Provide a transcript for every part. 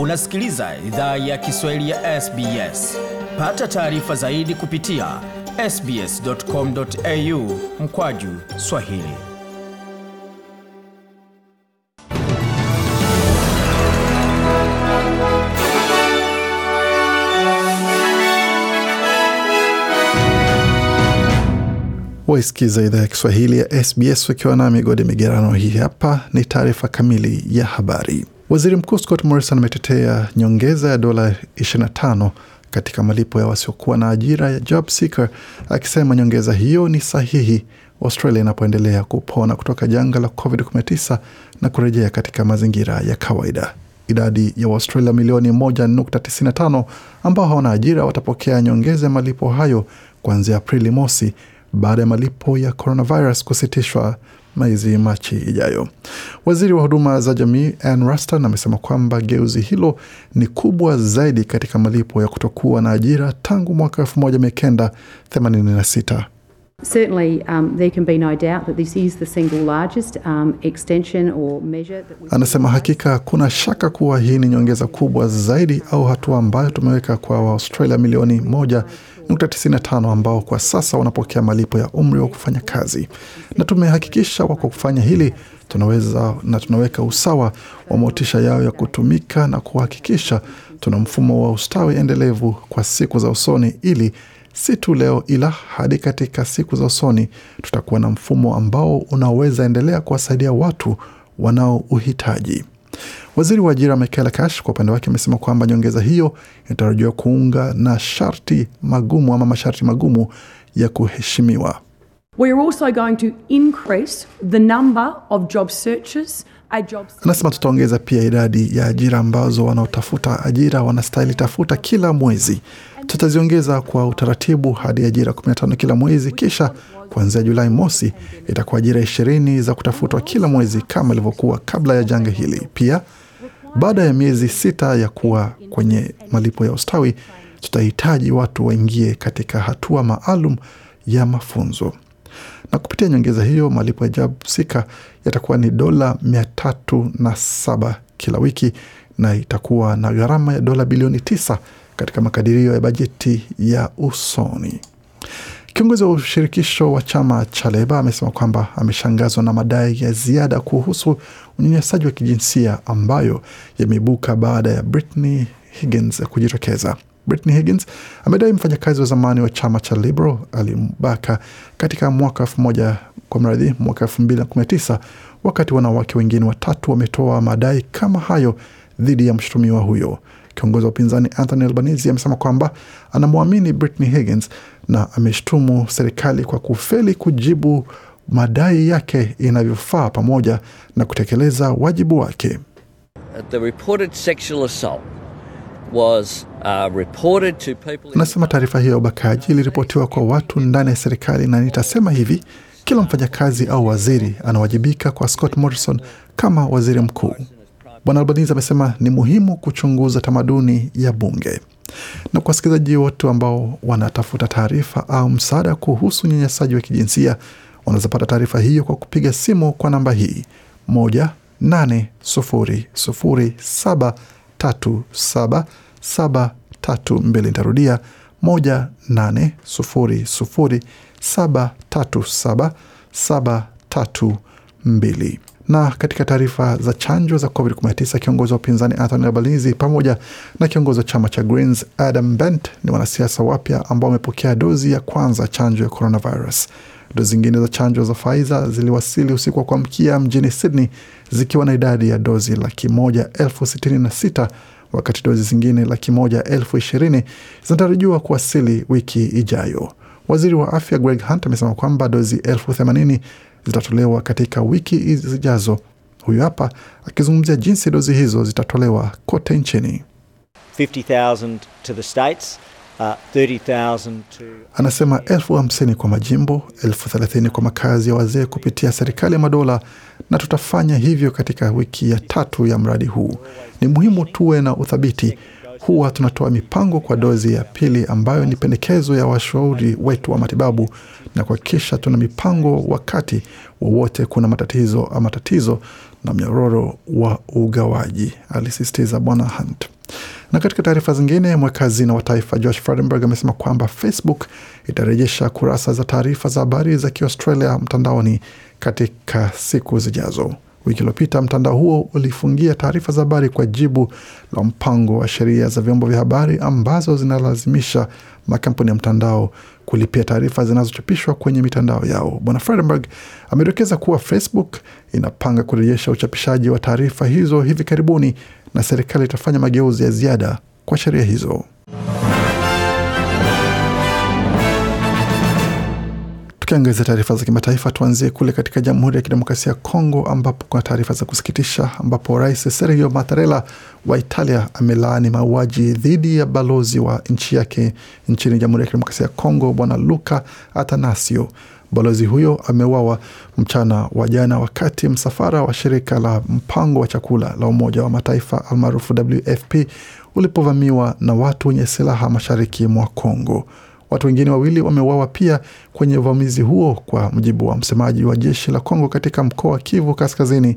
Unasikiliza idhaa ya Kiswahili ya SBS. Pata taarifa zaidi kupitia sbs.com.au mkwaju Swahili. Waisikiza idhaa ya Kiswahili ya SBS ukiwa na migodi migerano. Hii hapa ni taarifa kamili ya habari. Waziri Mkuu Scott Morrison ametetea nyongeza ya dola 25 katika malipo ya wasiokuwa na ajira ya job seeker, akisema nyongeza hiyo ni sahihi Australia inapoendelea kupona kutoka janga la COVID-19 na kurejea katika mazingira ya kawaida. Idadi ya Waustralia milioni 1.95 ambao hawana ajira watapokea nyongeza ya malipo hayo kuanzia Aprili mosi baada ya malipo ya coronavirus kusitishwa mwezi Machi ijayo. Waziri wa huduma za jamii Ann Ruston amesema kwamba geuzi hilo ni kubwa zaidi katika malipo ya kutokuwa na ajira tangu mwaka 1986. um, no um, Anasema hakika kuna shaka kuwa hii ni nyongeza kubwa zaidi au hatua ambayo tumeweka kwa Waaustralia milioni moja 1.95 ambao kwa sasa wanapokea malipo ya umri wa kufanya kazi, na tumehakikisha kwa kufanya hili tunaweza na tunaweka usawa wa motisha yao ya kutumika na kuhakikisha tuna mfumo wa ustawi endelevu kwa siku za usoni, ili si tu leo, ila hadi katika siku za usoni tutakuwa na mfumo ambao unaweza endelea kuwasaidia watu wanaouhitaji. Waziri wa ajira Michaela Cash kwa upande wake amesema kwamba nyongeza hiyo inatarajiwa kuunga na sharti magumu ama masharti magumu ya kuheshimiwa. Anasema tutaongeza pia idadi ya ajira ambazo wanaotafuta ajira wanastahili tafuta kila mwezi. Tutaziongeza kwa utaratibu hadi ajira 15 kila mwezi, kisha kuanzia Julai mosi itakuwa ajira ishirini za kutafutwa kila mwezi kama ilivyokuwa kabla ya janga hili. Pia baada ya miezi sita ya kuwa kwenye malipo ya ustawi, tutahitaji watu waingie katika hatua maalum ya mafunzo na kupitia nyongeza hiyo malipo ya JABSIKA yatakuwa ni dola mia tatu na saba kila wiki na itakuwa na gharama ya dola bilioni tisa katika makadirio ya bajeti ya usoni. Kiongozi wa ushirikisho wa chama cha Leba amesema kwamba ameshangazwa na madai ya ziada kuhusu unyanyasaji wa kijinsia ambayo yameibuka baada ya Britney Higgins kujitokeza. Britney Higgins amedai mfanyakazi wa zamani wa chama cha Liberal alimbaka katika mwaka elfu moja kwa mradhi mwaka elfu mbili na kumi na tisa wakati wanawake wengine watatu wametoa madai kama hayo dhidi ya mshutumiwa huyo. Kiongozi wa upinzani Anthony Albanese amesema kwamba anamwamini Britney Higgins na ameshtumu serikali kwa kufeli kujibu madai yake inavyofaa pamoja na kutekeleza wajibu wake. Uh, Anasema uh, taarifa hiyo ya ubakaji iliripotiwa kwa watu ndani ya serikali, na nitasema hivi, kila mfanyakazi au waziri anawajibika kwa Scott Morrison kama waziri mkuu. Bwana Albanese amesema ni muhimu kuchunguza tamaduni ya bunge. Na kwa wasikilizaji wote ambao wanatafuta taarifa au msaada kuhusu unyanyasaji wa kijinsia Unazapata taarifa hiyo kwa kupiga simu kwa namba hii moja nane sufuri sufuri saba tatu saba saba tatu mbili. Nitarudia moja nane sufuri sufuri saba tatu saba saba tatu mbili. Na katika taarifa za chanjo za COVID-19, kiongozi wa upinzani Anthony Albanese pamoja na kiongozi wa chama cha Greens Adam Bent ni wanasiasa wapya ambao wamepokea dozi ya kwanza chanjo ya coronavirus. Dozi zingine za chanjo za Pfizer ziliwasili usiku wa kuamkia mjini Sydney zikiwa na idadi ya dozi laki moja elfu sitini na sita wakati dozi zingine laki moja elfu ishirini zinatarajiwa kuwasili wiki ijayo. Waziri wa afya Greg Hunt amesema kwamba dozi elfu themanini zitatolewa katika wiki zijazo. Huyu hapa akizungumzia jinsi dozi hizo zitatolewa kote nchini. 50,000 to the states. Uh, 30,000 to... Anasema elfu hamsini kwa majimbo, elfu thelathini kwa makazi ya wazee kupitia serikali ya madola, na tutafanya hivyo katika wiki ya tatu ya mradi huu. Ni muhimu tuwe na uthabiti huwa tunatoa mipango kwa dozi ya pili ambayo ni pendekezo ya washauri wetu wa matibabu na kuhakikisha tuna mipango wakati wowote kuna matatizo ama tatizo na mnyororo wa ugawaji, alisisitiza Bwana Hunt. Na katika taarifa zingine, mwekazina wa taifa Josh Frydenberg amesema kwamba Facebook itarejesha kurasa za taarifa za habari za Kiaustralia mtandaoni katika siku zijazo. Wiki iliyopita mtandao huo ulifungia taarifa za habari kwa jibu la mpango wa sheria za vyombo vya habari ambazo zinalazimisha makampuni ya mtandao kulipia taarifa zinazochapishwa kwenye mitandao yao. Bwana Frydenberg amedokeza kuwa Facebook inapanga kurejesha uchapishaji wa taarifa hizo hivi karibuni na serikali itafanya mageuzi ya ziada kwa sheria hizo. Tukiangazia taarifa za kimataifa, tuanzie kule katika Jamhuri ya Kidemokrasia ya Kongo ambapo kuna taarifa za kusikitisha, ambapo Rais Sergio Mattarella wa Italia amelaani mauaji dhidi ya balozi wa nchi yake nchini Jamhuri ya Kidemokrasia ya Kongo, Bwana Luka Atanasio. Balozi huyo ameuawa mchana wa jana wakati msafara wa shirika la mpango wa chakula la Umoja wa Mataifa almaarufu WFP ulipovamiwa na watu wenye silaha mashariki mwa Kongo. Watu wengine wawili wameuawa pia kwenye uvamizi huo, kwa mujibu wa msemaji wa jeshi la Kongo katika mkoa wa Kivu Kaskazini,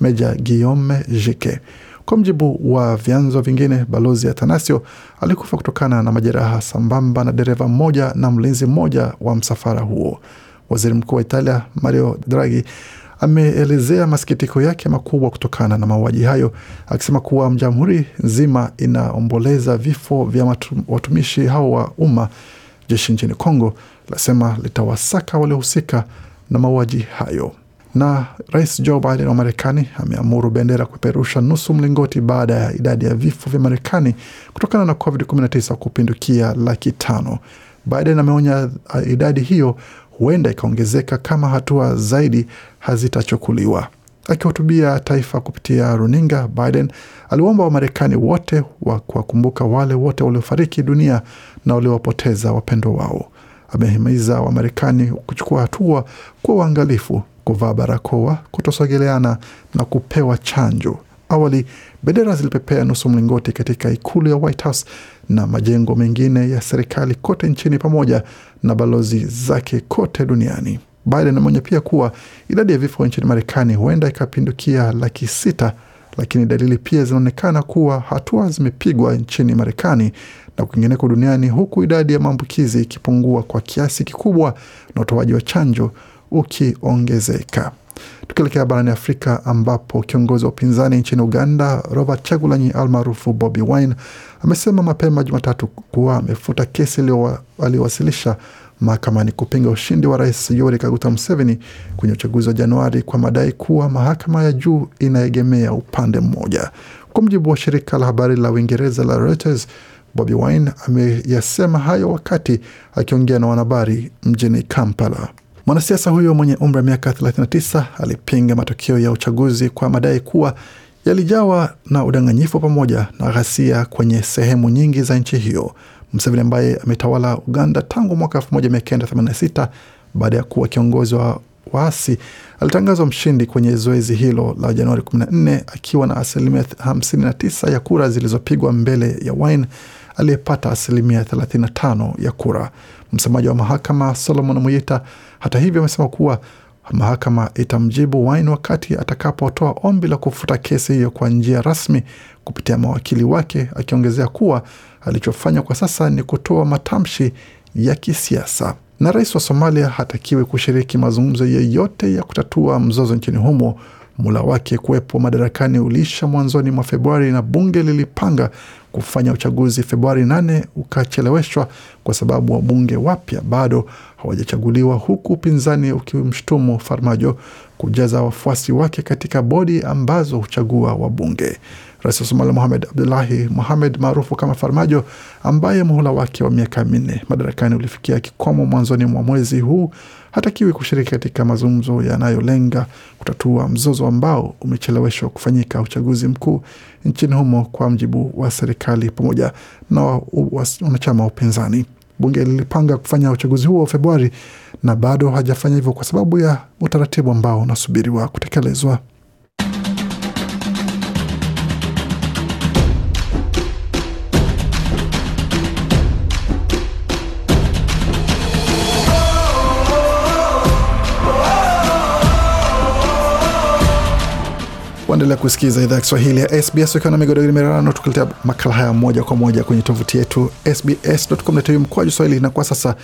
Meja Guillaume Jike. Kwa mujibu wa vyanzo vingine, balozi Atanasio alikufa kutokana na majeraha sambamba na dereva mmoja na mlinzi mmoja wa msafara huo. Waziri mkuu wa Italia Mario Draghi ameelezea masikitiko yake makubwa kutokana na mauaji hayo, akisema kuwa jamhuri nzima inaomboleza vifo vya watumishi hao wa umma Jeshi nchini Kongo lasema litawasaka waliohusika na mauaji hayo. Na Rais Joe Biden wa Marekani ameamuru bendera kupeperusha nusu mlingoti baada ya idadi ya vifo vya Marekani kutokana na COVID-19 kupindukia laki tano. Biden ameonya idadi hiyo huenda ikaongezeka kama hatua zaidi hazitachukuliwa. Akihutubia taifa kupitia runinga, Biden aliwaomba Wamarekani wote wa kuwakumbuka wale wote waliofariki dunia na waliowapoteza wapendwa wao. Amehimiza Wamarekani kuchukua hatua kwa uangalifu, kuvaa barakoa, kutosogeleana na kupewa chanjo. Awali bendera zilipepea nusu mlingoti katika ikulu ya White House na majengo mengine ya serikali kote nchini pamoja na balozi zake kote duniani. Biden ameonya pia kuwa idadi ya vifo nchini Marekani huenda ikapindukia laki sita, lakini dalili pia zinaonekana kuwa hatua zimepigwa nchini Marekani na kwingineko duniani, huku idadi ya maambukizi ikipungua kwa kiasi kikubwa na utoaji wa chanjo ukiongezeka. Tukielekea barani Afrika, ambapo kiongozi wa upinzani nchini Uganda Robert Chagulanyi almaarufu Bobi Wine amesema mapema Jumatatu kuwa amefuta kesi aliyowasilisha mahakamani kupinga ushindi wa Rais Yoweri Kaguta Museveni kwenye uchaguzi wa Januari kwa madai kuwa mahakama ya juu inaegemea upande mmoja. Kwa mujibu wa shirika la habari la Uingereza la Reuters, Bobi Wine ameyasema hayo wakati akiongea na wanahabari mjini Kampala. Mwanasiasa huyo mwenye umri wa miaka 39 alipinga matokeo ya uchaguzi kwa madai kuwa yalijawa na udanganyifu pamoja na ghasia kwenye sehemu nyingi za nchi hiyo. Museveni ambaye ametawala Uganda tangu mwaka 1986 baada ya kuwa kiongozi wa waasi alitangazwa mshindi kwenye zoezi hilo la Januari 14 akiwa na asilimia 59 ya kura zilizopigwa mbele ya Wine aliyepata asilimia 35 ya kura. Msemaji wa mahakama Solomon Muyita hata hivyo amesema kuwa Mahakama itamjibu Wine wakati atakapotoa ombi la kufuta kesi hiyo kwa njia rasmi kupitia mawakili wake, akiongezea kuwa alichofanya kwa sasa ni kutoa matamshi ya kisiasa. Na rais wa Somalia hatakiwi kushiriki mazungumzo yeyote ya kutatua mzozo nchini humo. Mula wake kuwepo madarakani uliisha mwanzoni mwa Februari na bunge lilipanga kufanya uchaguzi Februari 8 ukacheleweshwa kwa sababu wabunge wapya bado hawajachaguliwa, huku upinzani ukimshutumu Farmajo kujaza wafuasi wake katika bodi ambazo huchagua wabunge. Rais wa Somalia Mohamed Abdullahi Mohamed maarufu kama Farmajo, ambaye muhula wake wa miaka minne madarakani ulifikia kikomo mwanzoni mwa mwezi huu, hatakiwi kushiriki katika mazungumzo yanayolenga kutatua mzozo ambao umecheleweshwa kufanyika uchaguzi mkuu nchini humo, kwa mjibu wa serikali pamoja na wanachama wa upinzani. Bunge lilipanga kufanya uchaguzi huo Februari na bado hajafanya hivyo kwa sababu ya utaratibu ambao unasubiriwa kutekelezwa. Unaendelea kusikiza idhaa ya Kiswahili ya SBS ukiwa na migodo mirano, tukuletea makala haya moja kwa moja kwenye tovuti yetu sbs.com.au mkoaju swahili, na kwa sasa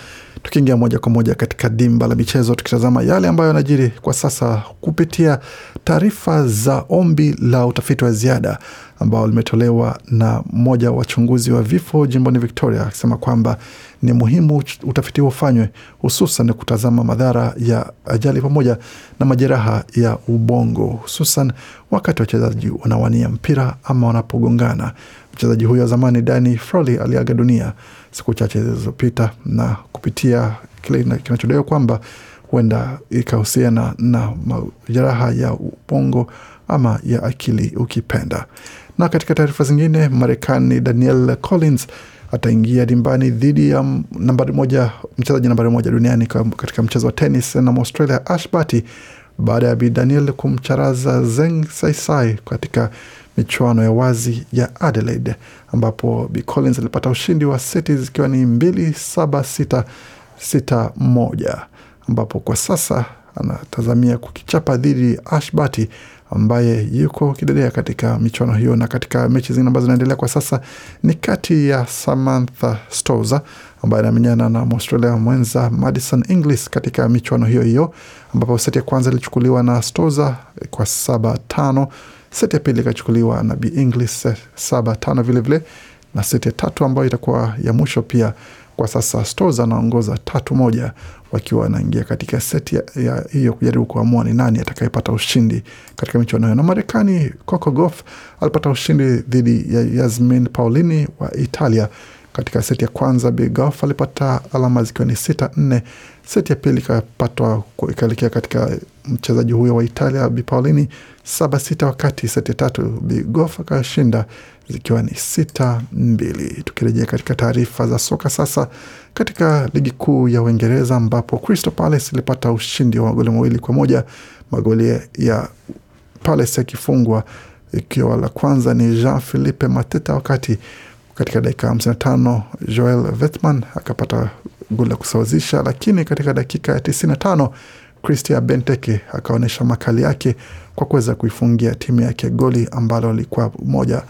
tukiingia moja kwa moja katika dimba la michezo, tukitazama yale ambayo yanajiri kwa sasa kupitia taarifa za ombi la utafiti wa ziada ambao limetolewa na mmoja wa wachunguzi wa vifo jimboni Victoria akisema kwamba ni muhimu utafiti huo ufanywe, hususan kutazama madhara ya ajali pamoja na majeraha ya ubongo, hususan wakati wachezaji wanawania mpira ama wanapogongana. Mchezaji huyo wa zamani Danny Frawley aliaga dunia siku chache zilizopita, na kupitia kile kinachodaiwa kwamba huenda ikahusiana na majeraha ya ubongo ama ya akili ukipenda. Na katika taarifa zingine, Marekani Daniel Collins ataingia dimbani dhidi ya nambari moja mchezaji nambari moja duniani katika mchezo wa tenis na Australia Ash Barty baada ya Bi Daniel kumcharaza Zeng Saisai katika michuano ya wazi ya Adelaide ambapo Bi Collins alipata ushindi wa seti zikiwa ni mbili saba sita sita moja ambapo kwa sasa anatazamia kukichapa dhidi Ashbati ambaye yuko kidedea katika michuano hiyo. Na katika mechi zingine ambazo zinaendelea kwa sasa ni kati ya Samantha Stosur ambaye anamenyana na Mwaustralia mwenza Madison Inglis katika michuano hiyo hiyo, ambapo seti ya kwanza ilichukuliwa na Stosur kwa saba tano. Seti ya pili ikachukuliwa na Bi Inglis saba tano vilevile, na seti ya tatu ambayo itakuwa ya mwisho pia kwa sasa Stoza anaongoza tatu moja, wakiwa wanaingia katika seti ya hiyo kujaribu kuamua ni nani atakayepata ushindi katika michuano hiyo. Na Marekani, Coco Gauff alipata ushindi dhidi ya Yasmin Paolini wa Italia katika seti ya kwanza. Bi Gauff alipata alama zikiwa ni sita nne. Seti ya pili ikapatwa ikaelekea katika mchezaji huyo wa Italia Bi Paolini saba sita, wakati seti ya tatu Bi Gauff akashinda zikiwa ni sita mbili. Tukirejea katika taarifa za soka sasa, katika ligi kuu ya Uingereza ambapo Crystal Palace ilipata ushindi wa magoli mawili kwa moja, magoli ya Palace yakifungwa ikiwa la kwanza ni Jean Philippe Mateta, wakati katika dakika 55 Joel Vetman akapata goli la kusawazisha, lakini katika dakika ya 95 Christian Benteke akaonyesha makali yake kwa kuweza kuifungia timu yake goli ambalo lilikuwa moja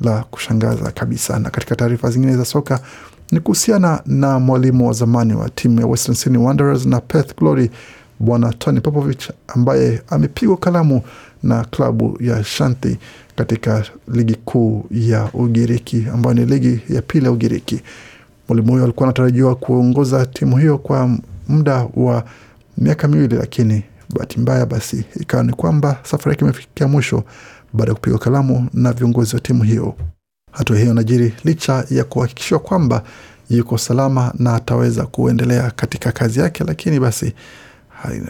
la kushangaza kabisa. Na katika taarifa zingine za soka ni kuhusiana na mwalimu wa zamani wa timu ya Western Sydney Wanderers na Perth Glory Bwana Tony Popovich ambaye amepigwa kalamu na klabu ya Shanti katika ligi kuu ya Ugiriki ambayo ni ligi ya pili ya Ugiriki. Mwalimu huyo alikuwa anatarajiwa kuongoza timu hiyo kwa muda wa miaka miwili, lakini bahati mbaya basi ikawa ni kwamba safari yake imefikia mwisho baada ya kupigwa kalamu na viongozi wa timu hiyo. Hatua hiyo inajiri licha ya kuhakikishwa kwamba yuko salama na ataweza kuendelea katika kazi yake, lakini basi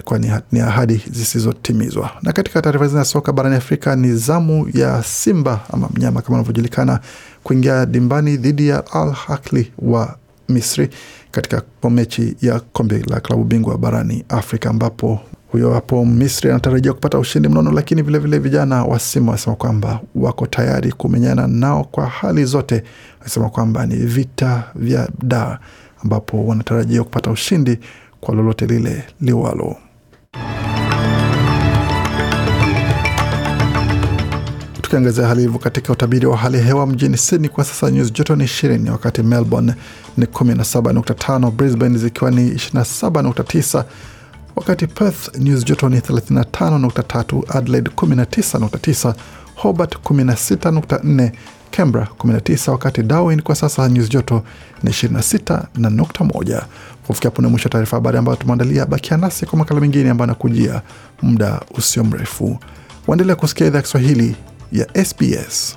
kwani ni ahadi zisizotimizwa. Na katika taarifa zina soka barani Afrika, ni zamu ya Simba ama mnyama kama anavyojulikana kuingia dimbani dhidi ya Al Ahly wa Misri katika mechi ya kombe la klabu bingwa barani Afrika ambapo huyo hapo Misri anatarajia kupata ushindi mnono, lakini vilevile vile vijana wa Simba wanasema kwamba wako tayari kumenyana nao kwa hali zote. Wanasema kwamba ni vita vya daa ambapo wanatarajia kupata ushindi kwa lolote lile liwalo. Tukiangazia hali hivyo katika utabiri wa hali hewa mjini Sydney kwa sasa nyuzi joto ni 20, wakati Melbourne ni 17.5, Brisbane zikiwa ni 27.9 wakati Perth news joto ni 35.3, Adelaide 19.9, Hobart 16.4, Canberra 19, wakati Darwin kwa sasa nyuzi joto ni 26 na Kufikia hapo ni mwisho wa taarifa habari ambayo tumeandalia. Bakia nasi kwa makala mengine ambayo anakujia muda usio mrefu. Waendelea kusikia idhaa ya Kiswahili ya SBS.